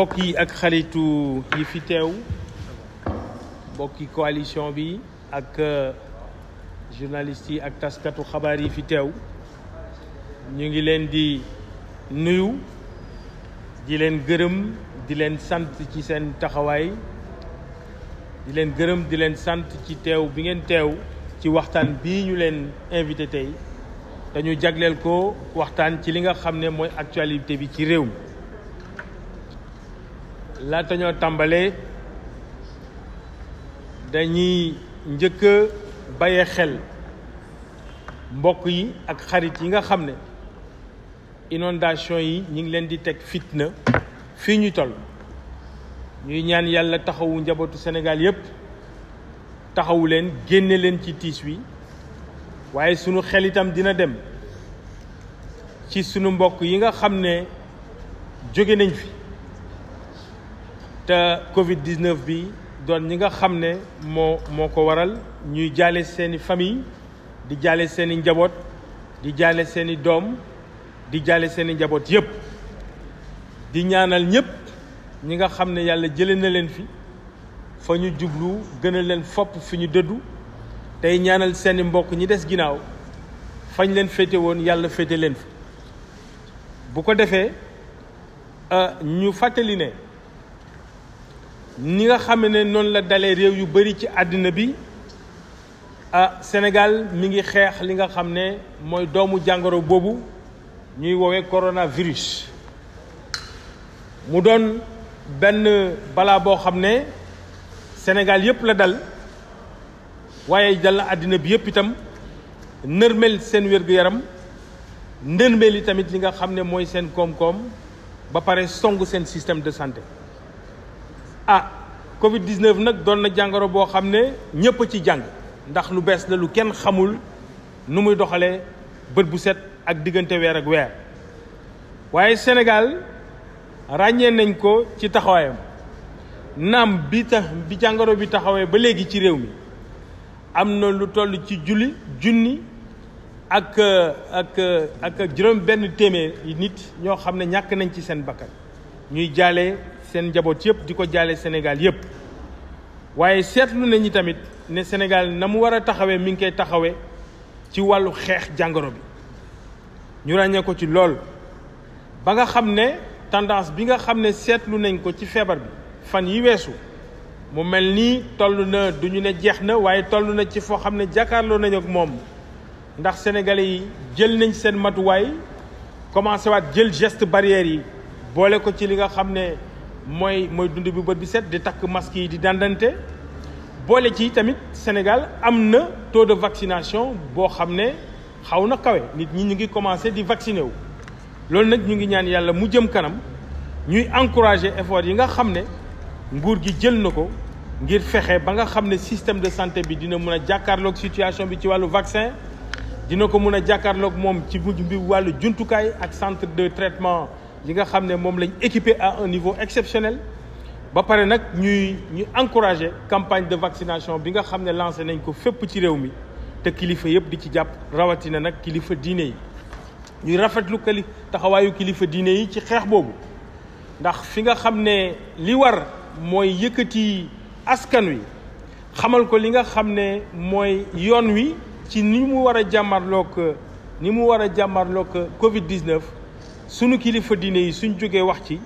mbokk yi ak xaritu yi fi teew bokki coalition bi ak euh, journalistes yi ak taskatu xabaar yi fi teew ñu ngi leen di nuyu di leen gërëm di leen sant ci seen taxawaay di leen gërëm di leen sant ci teew bi ngeen teew ci waxtaan bi ñu leen invité tey dañu jagleel ko waxtaan ci li nga xam ne mooy actualité bi ci réew mi laata ñoo tàmbalee dañuy njëkk a bàyyi xel mbokk yi ak xarit yi nga xam ne inondation yi ñu ngi leen di teg fitna fii ñu toll ñuy ñaan yàlla taxawu njabootu senegal yépp taxawu leen génne leen ci tiis wi waaye sunu xel itam dina dem ci sunu mbokk yi nga xam ne jóge nañ fi te Covid 19 bi doon ñi nga xam ne moo moo ko waral ñuy jaale seeni famille di jaale seeni njaboot di jaale seeni doom di jaale seeni njaboot yépp di ñaanal ñépp ñi nga xam ne yàlla jële na leen fi fa ñu jublu gën leen fopp fi ñu dëddu tey ñaanal seeni mbokk ñi des ginnaaw fañ leen féete woon yàlla féete leen fi bu ko defee euh, ñu fàttali ne ni nga xam ne noonu la dalee réew yu bari ci àddina bi ah Sénégal mi ngi xeex li nga xam ne mooy doomu jàngoro boobu ñuy woowee coronavirus mu doon benn balaa boo xam ne Sénégal yépp la dal waaye dal na àddina bi yépp itam nërmel seen wér yaram ndërmel yi tamit li nga xam ne mooy seen koom-koom ba pare song seen système de santé ah Covid 19 nag doon na jàngoro boo xam ne ñëpp a ci jàng ndax lu bees la lu kenn xamul nu muy doxalee bët bu set ak diggante weer ak weer waaye Sénégal ràññee nañ ko ci taxawaayam naam bi tax bi jàngoro bi taxawee ba léegi ci réew mi am na lu toll ci julli junni ak ak ak juróom benn téeméer nit ñoo xam ne ñàkk nañ ci seen bakkan ñuy jaalee seen njaboot yëpp di ko jaale Sénégal yëpp waaye seetlu nañu tamit ne Sénégal na mu war a taxawee mi ngi koy taxawee ci wàllu xeex jàngoro bi ñu ràññee ko ci lool ba nga xam ne tendance bi nga xam ne seetlu nañ ko ci feebar bi fan yi weesu mu mel nii toll na duñu ne jeex na waaye toll na ci foo xam ne jàkkaarloo nañ ak moom ndax sénégalais yi jël nañ seen matuwaay commencé waat jël geste barrière yi boole ko ci li nga xam ne mooy mooy dund bi bët bi set di takk masque yi di dandante boole ci tamit Sénégal am na taux de vaccination boo xam ne xaw na kawe nit ñi ñu ngi commencé di vacciner wu. loolu nag ñu ngi ñaan yàlla mu jëm kanam ñuy encourager effort yi nga xam ne nguur gi jël na ko ngir fexe ba nga xam ne système de santé bi dina mën a jàkkaarloog situation bi ci wàllu vaccin. dina ko mën a jàkkaarloog moom ci mujj bi wàllu jumtukaay ak centre de traitement. li nga xam ne moom lañ équipé à un niveau exceptionnel ba pare nag ñuy ñu encourager campagne de vaccination bi nga xam ne lancé nañ ko fépp ci réew mi te kilifa yëpp di ci jàpp rawatina nag kilifa diine yi ñuy rafetlu kali taxawaayu kilifa diine yi ci xeex boobu ndax fi nga xam ne li war mooy yëkkati askan wi xamal ko li nga xam ne mooy yoon wi ci ni mu war a jàmmarloog ni mu war a jàmmarloog Covid 19. sunu kilifa diine yi suñ jógee wax ci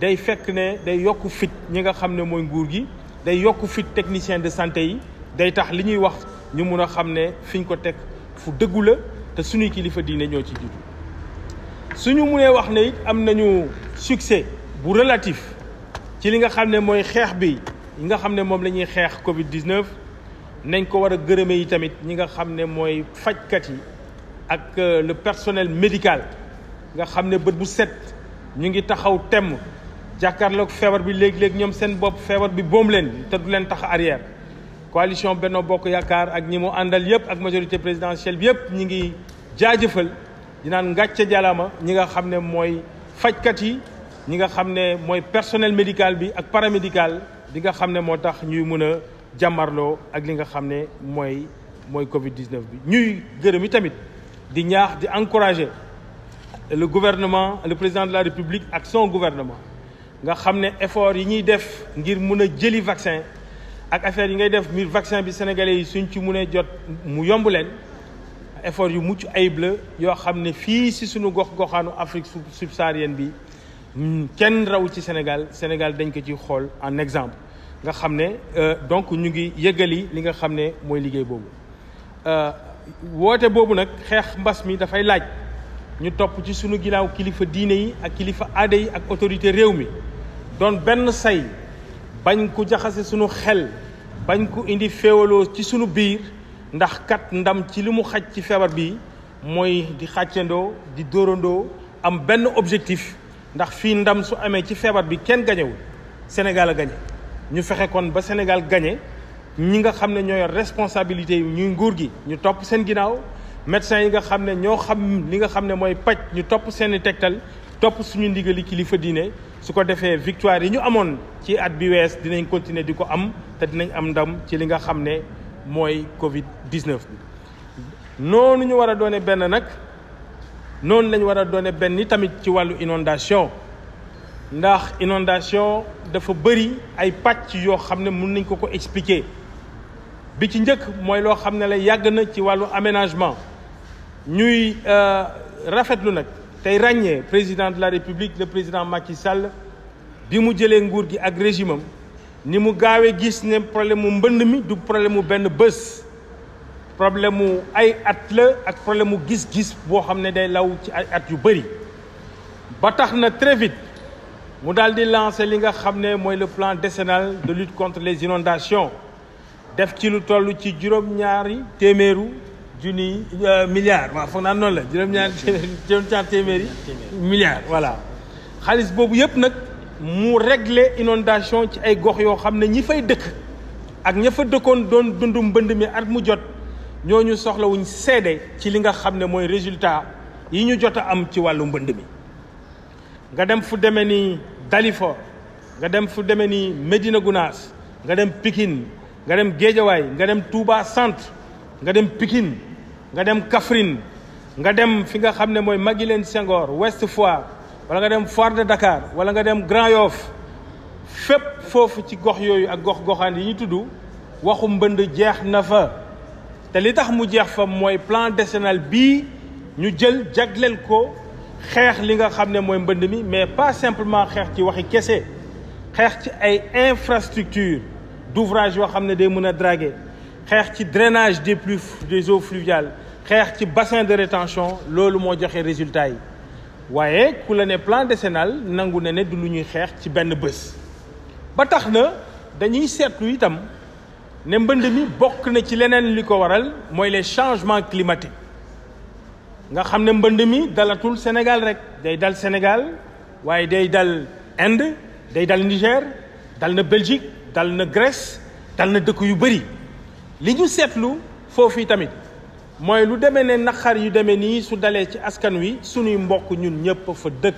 day fekk ne day yokk fit ñi nga xam ne mooy nguur gi day yokk fit technicien de santé yi day tax li ñuy wax ñu mun a xam ne fiñ ko teg fu dëggu la te suñuy kilifa diine ñoo ci jiitu suñu munee wax ne it am nañu succès bu relatif ci li nga xam ne mooy xeex bi yi nga xam ne moom la ñuy xeex Covid 19 nañ ko war a gërëme yi tamit ñi nga xam ne mooy fajkat yi ak euh, le personnel médical. nga xam ne bët bu set ñu ngi taxaw temm jàkkaarloog feebar bi léegi-léegi ñoom seen bopp feebar bi boom leen te du leen tax arrière coalition benn Bokk Yaakaar ak ñi mu àndal yëpp ak majorité présidentielle bi yëpp ñi ngi jaajëfal di naan ngàcce jalaama ñi nga xam ne mooy fajkat yi ñi nga xam ne mooy personnel médical bi ak paramédical bi nga xam ne moo tax ñuy mën a jàmmarloo ak li nga xam ne mooy mooy Covid 19 bi ñuy gërëm yi tamit di ñaax di encourager le gouvernement le président de la république ak son gouvernement nga xam ne effort yi ñuy def ngir mun a jëli vaccin ak affaire yi ngay def mbir vaccin bi sénégalais yi suñ ci munee jot mu yomb leen effort yu mucc ayib la yoo xam ne fii si suñu gox goxaanu Afrique subsaharienne bi mm, kenn raw ci Sénégal Sénégal dañ ko ci xool en exemple nga xam ne euh, donc ñu ngi yëgali li nga xam ne mooy liggéey boobu euh, woote boobu nag xeex mbas mi dafay laaj ñu topp ci sunu ginnaaw kilifa diine yi ak kilifa aada yi ak autorité réew mi doon benn say bañ ko jaxase sunu xel bañ ko indi féewaloo ci sunu biir ndax kat ndam ci li mu xaj ci feebar bi mooy di xàccandoo di dóorandoo am benn objectif ndax fii ndam su amee ci feebar bi kenn gañewul Sénégal a gañe ñu fexe kon ba Sénégal gañe ñi nga xam ne ñooy responsabilité yi ñuy nguur gi ñu topp seen ginnaaw médecins yi nga xam ne ñoo xam li nga xam ne mooy paj ñu topp seeni tegtal topp suñu ndigali kilifa diine su ko defee victoire yi ñu amoon ci at bi wees dinañ continuer di ko am te dinañ am ndam ci li nga xam ne mooy Covid 19 bi. noonu ñu war a doone benn nag noonu lañ war a doone benn ni tamit ci wàllu inondation ndax inondation dafa bëri ay pàcc yoo xam ne mun nañ ko ko expliquer bi ci njëkk mooy loo xam ne la yàgg na ci wàllu aménagement. ñuy euh, rafetlu nag tey ràññee président de la république le président Macky Sall bi mu jëlee nguur gi ak régime ni mu gaawee gis ne problème mu mbënn mi du problème mu benn bés problème mu ay at la ak problème mu gis-gis boo xam ne day law ci ay at yu bëri ba tax na très mu daal di lancer li nga xam ne mooy le plan décennal de lutte contre les inondations def ci lu toll ci juróom-ñaari téeméeru junni euh, milliards waaw foog naa noonu la juróom-ñaar juróom-ñaar téeméeri milliards voilà xaalis boobu yëpp nag mu régle inondation ci ay gox yoo xam ne ñi fay dëkk ak ña fa dëkkoon doon dundu mbënd mi at mu jot ñooñu soxlawuñ seede ci li nga xam ne mooy résultat yi ñu jot a am ci wàllu mbënd mi nga dem fu demee ni Dalifort nga dem fu demee ni Médina Gounass nga dem Pikine nga dem Guédiawaye nga dem Touba centre nga dem Pikine nga dem Kaffrine nga dem fi nga xam ne mooy leen sengoor Ouest Foire wala nga dem Foire de Dakar wala nga dem Grand Yoff fépp foofu ci gox yooyu ak gox goxaan yi ñu tudd waxu mbënd jeex na fa te li tax mu jeex fa mooy plan décennal bii ñu jël jagleel ko xeex li nga xam ne mooy mbënd mi mais pas simplement xeex ci waxi kese xeex ci ay infrastructure d'ouvrage yoo xam ne day mën a draguer xeex ci drainage des plus des eaux fluviales xeex ci bassin de rétention loolu moo joxe résultat yi waaye ku la ne plan décennal nangu na ne du lu ñuy xeex ci benn bés. ba tax na dañuy seetlu itam ne mbënd mi bokk na ci leneen li ko waral mooy les changements climatiques nga xam ne mbënd mi dalatul Sénégal rek day dal Sénégal waaye day dal Inde day dal Niger dal na Belgique dal na Grèce dal na dëkk yu bëri. li ñu seetlu foofu tamit mooy lu demee ne naxar yu demee nii su dalee ci askan wi suñuy mbokk ñun ñëpp fa dëkk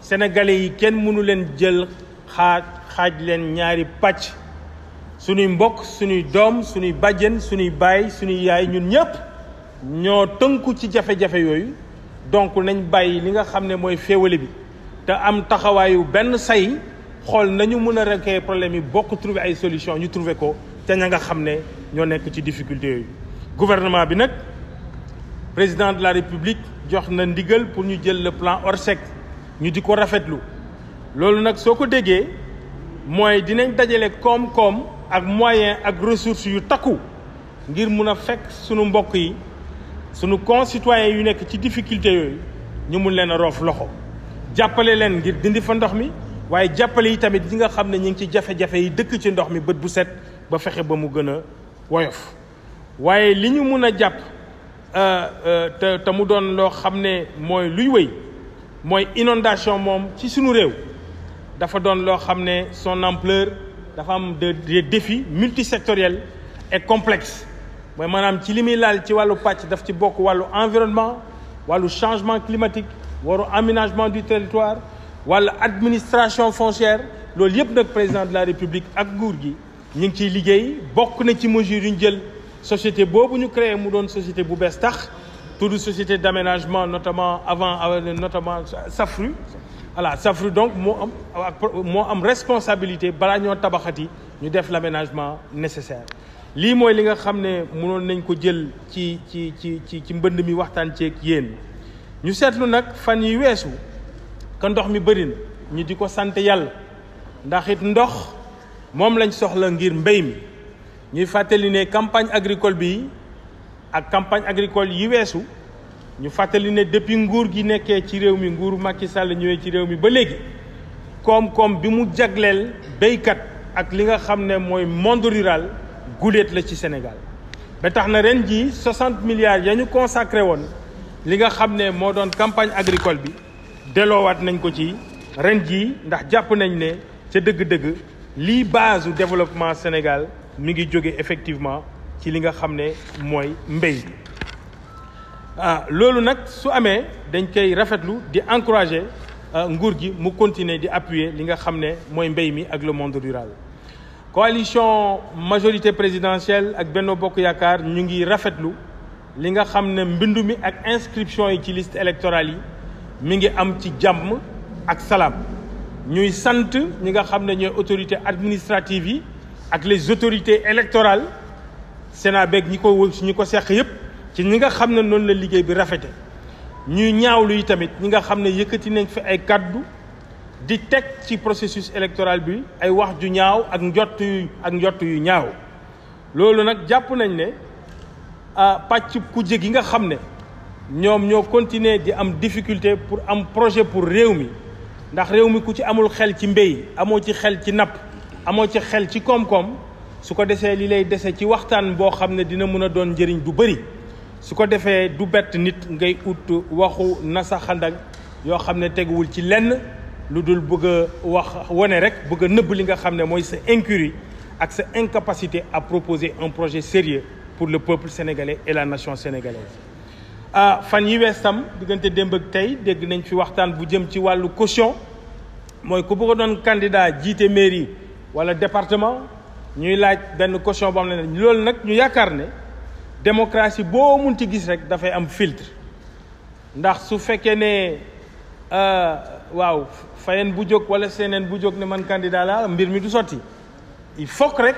sénégalais yi kenn mënu leen jël xaaj xaaj leen ñaari pàcc suñuy mbokk suñuy doom suñuy bàjjen suñuy baay suñuy yaay ñun ñëpp ñoo tënku ci jafe-jafe yooyu donc nañ bàyyi li nga xam ne mooy féewale bi te am taxawaayu benn say xool nañu mën a régler problème yi bokk trouver ay solution ñu trouver ko te ña nga xam ne ñoo nekk ci difficulté yooyu gouvernement bi nag président de la république jox na ndigal pour ñu jël le plan Orsec ñu di ko rafetlu loolu nag soo ko déggee mooy dinañ dajale koom-koom ak moyen ak ressources yu takku ngir mun a fekk sunu mbokk yi sunu concitoyens yu nekk ci difficulté yooyu ñu mun leen a roof loxo jàppale leen ngir dindi fa ndox mi waaye jàppale yi tamit ñi nga xam ne ñu ngi ci jafe-jafe yi dëkk ci ndox mi bët bu set ba fexe ba mu gën a woyof waaye li ñu mun a jàpp euh, euh, te te mu doon loo xam ne mooy luy wéy mooy inondation moom ci suñu réew dafa doon loo xam ne son ampleur dafa am des défis multisectoriels et complexes mooy maanaam ci li muy laal ci wàllu pàcc daf ci bokk wàllu environnement wàllu changement climatique waru aménagement du territoire wala administration foncière loolu yëpp nag président de la république ak nguur gi ñu ngi ciy liggéey bokk na ci mesure yu ñu jël société boobu ñu créer mu doon société bu bees tax tudd société d' aménagement notamment avant euh, notamment Safru voilà Safru donc moo am moo am responsabilité balaa ñoo tabaxati ñu def l' aménagement nécessaire lii mooy li nga xam ne mënoon nañ ko jël ci ci ci ci ci mbënd mi waxtaan ceeg yéen ñu seetlu nag fan yi weesu que ndox mi bëri na ñu di ko sant yàlla ndax it ndox moom lañ soxla ngir mbéy mi ñuy fàttali ne campagne agricole bi ak campagne agricole yi weesu ñu fàttali ne depuis nguur gi nekkee ci réew mi nguuru Macky Sall ñëwee ci réew mi ba léegi koom-koom bi mu jagleel béykat ak li nga xam ne mooy monde rural guléet la ci Sénégal ba tax na ren ji 60 milliards ya ñu consacré woon li nga xam ne moo doon campagne agricole bi delloowaat nañ ko ci ren jii ndax jàpp nañ ne ca dëgg-dëgg lii base du développement Sénégal mi ngi jóge effectivement ci li nga xam ne mooy mbéy ah loolu nag su amee dañ koy rafetlu di encourager ah, nguur gi mu continuer di appuyer li nga xam ne mooy mbéy mi ak le monde rural. coalition majorité présidentielle ak benn Bokk Yaakaar ñu ngi rafetlu li nga xam ne mbind mi ak inscription yi ci liste électorale yi. mi ngi am ci jàmm ak salaam ñuy sant ñi nga xam ne ñooy autorité administratives yi ak les autorités électorales Sénat beeg ñi ko su ñi ko seq yëpp ci ñi nga xam ne noonu la liggéey bi rafete ñuy ñaawlu yi tamit ñi nga xam ne yëkkati nañ fi ay kàddu di teg ci processus électorale bi ay wax ju ñaaw ak njott yu ak njott yu ñaaw loolu nag jàpp nañ ne ah pàcc kuje gi nga xam ne ñoom ñoo continuer di am difficulté pour am projet pour réew mi ndax réew mi ku ci amul xel ci mbéy amoo ci xel ci napp amoo ci xel ci koom-koom su ko desee li lay dese ci waxtaan boo xam ne dina mën a doon njëriñ du bëri su ko defee du bett nit ngay ut waxu nasaxandag yoo xam ne teguwul ci lenn lu dul bëgg a wax wane rek bëgg a nëbb li nga xam ne mooy sa incurie ak sa incapacité à proposer un projet sérieux pour le peuple sénégalais et la nation sénégalaise Ah, fan yi wees tam diggante démb ak tey dégg nañ fi waxtaan bu jëm ci wàllu caution mooy ku bëgg doon candidat jiite mairie wala département ñuy laaj benn caution boo xam ne loolu nag ñu yaakaar ne démocratie boo mun munti gis rek dafay am filtre ndax su fekkee ne ah, waaw fayeen bu jóg wala seeneen bu jóg ne man candidat la mbir mi du sotti il faut rek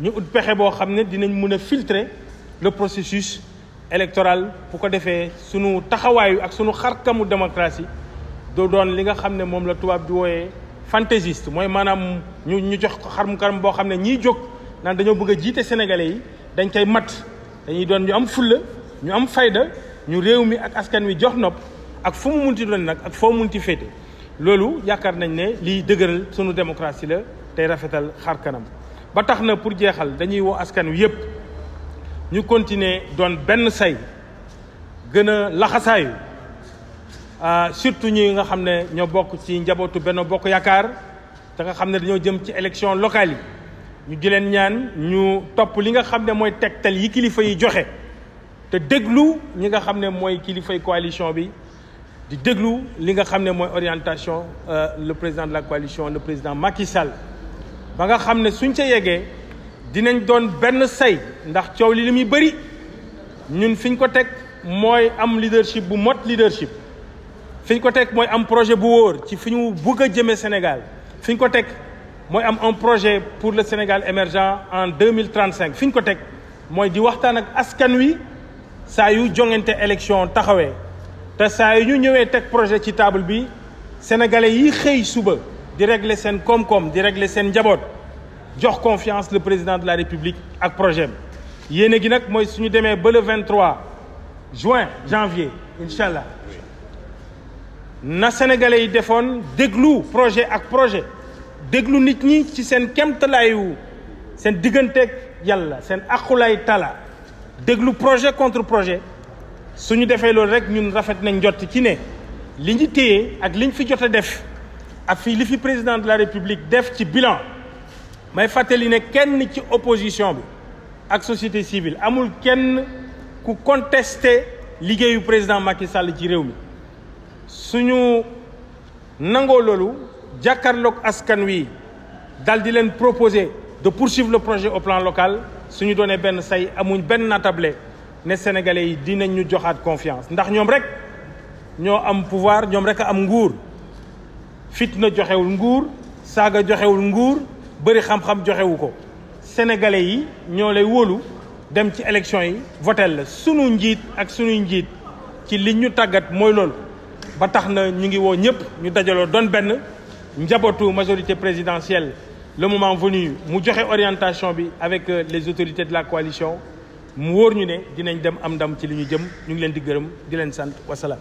ñu ut pexe boo xam ne dinañ mun a filtrer le processus électorale bu ko defee sunu taxawaayu ak sunu xarkamu démocratie du doon li nga xam ne moom la tubaab bi wooyee fantaisiste mooy maanaam ñu ñu jox ko xarmu karam boo xam ne ñii jóg naan dañoo bëgg a jiite sénégalais yi dañ kay mat dañuy doon ñu am fulla ñu am fayda ñu réew mi ak askan wi jox nopp ak fu mu munti doon nag ak foo munti féete loolu yaakaar nañ ne liy dëgëral sunu démocratie la tey rafetal xar kanam ba tax na pour jeexal dañuy woo askan wi yëpp ñu continuer doon benn say gën a laxasaayu ah, surtout ñi nga xam ne ñoo bokk ci njabootu benn Bokk Yaakaar te nga xam ne dañoo jëm ci élection locale yi ñu di ñaan ñu topp li nga xam ne mooy tegtal yi kilifa yi joxe te déglu ñi nga xam ne mooy kilifay coalition bi di déglu li nga xam ne mooy orientation euh, le président de la coalition le président Macky ba nga xam ne suñ ca yeggee dinañ doon benn say ndax coow li li muy bëri ñun fi ko teg mooy am leadership bu mot leadership fiñ ko teg mooy am projet bu wóor ci fi ñu bugg a jëmee Sénégal fi ñu ko teg mooy am un projet pour le Sénégal émergent en deux mille trente cinq fi ñu ko teg mooy di waxtaan ak askan wi saa yu jongante élection taxawee te saa yu ñu ñëwee teg projet ci taable bi sénégalais yi xëy suba di régler seen koom-koom di régler seen njaboot. jox confiance le président de la république ak projet bi yéene gi nag mooy suñu demee ba le 23 juin janvier incha allah na sénégalais yi defoon déglu projet ak projet déglu nit ñi ci seen kemtalaayu seen digganteeg yàlla seen aqulaay tala déglu projet contre projet su ñu defee loolu rek ñun rafet nañ jot ci ne li ñu téye ak li ñu fi jot def ak fii li fi président de la république def ci bilan may fàttali ne kenn ci opposition bi ak société civile amul kenn ku contesté liggéeyu président Macky Sall ci réew mi suñu nangoo loolu jàkkaarloog askan wi dal di leen proposé de poursuivre le projet au plan local suñu doonee benn say amuñ benn natable ne sénégalais yi dinañ ñu joxaat confiance ndax ñoom rek ñoo am pouvoir ñoom rek a am nguur fitna joxewul nguur saaga joxewul nguur bëri xam-xam joxewu ko sénégalais yi ñoo lay wóolu dem ci élection yi votel la sunu njiit ak sunuy njiit ci li ñu tàggat mooy loolu ba tax na ñu ngi woo ñëpp ñu dajaloo doon benn njabootu majorité présidentielle le moment venu mu joxe orientation bi avec euh, les autorités de la coalition mu wóor ñu ne dinañ dem am ndam ci li ñu jëm ñu ngi leen di gërëm di leen sant wasalaam